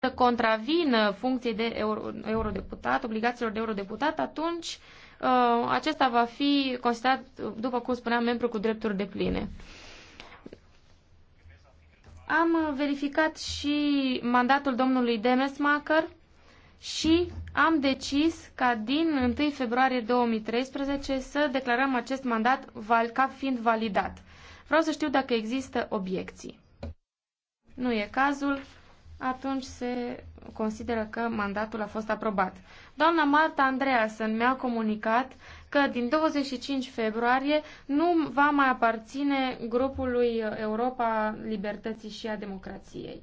să contravină funcției de euro, eurodeputat, obligațiilor de eurodeputat, atunci uh, acesta va fi considerat, după cum spuneam, membru cu drepturi de pline. Am verificat și mandatul domnului Demesmacher și am decis ca din 1 februarie 2013 să declarăm acest mandat val, ca fiind validat. Vreau să știu dacă există obiecții. Nu e cazul atunci se consideră că mandatul a fost aprobat. Doamna Marta Andreasen mi-a comunicat că din 25 februarie nu va mai aparține grupului Europa Libertății și a Democrației.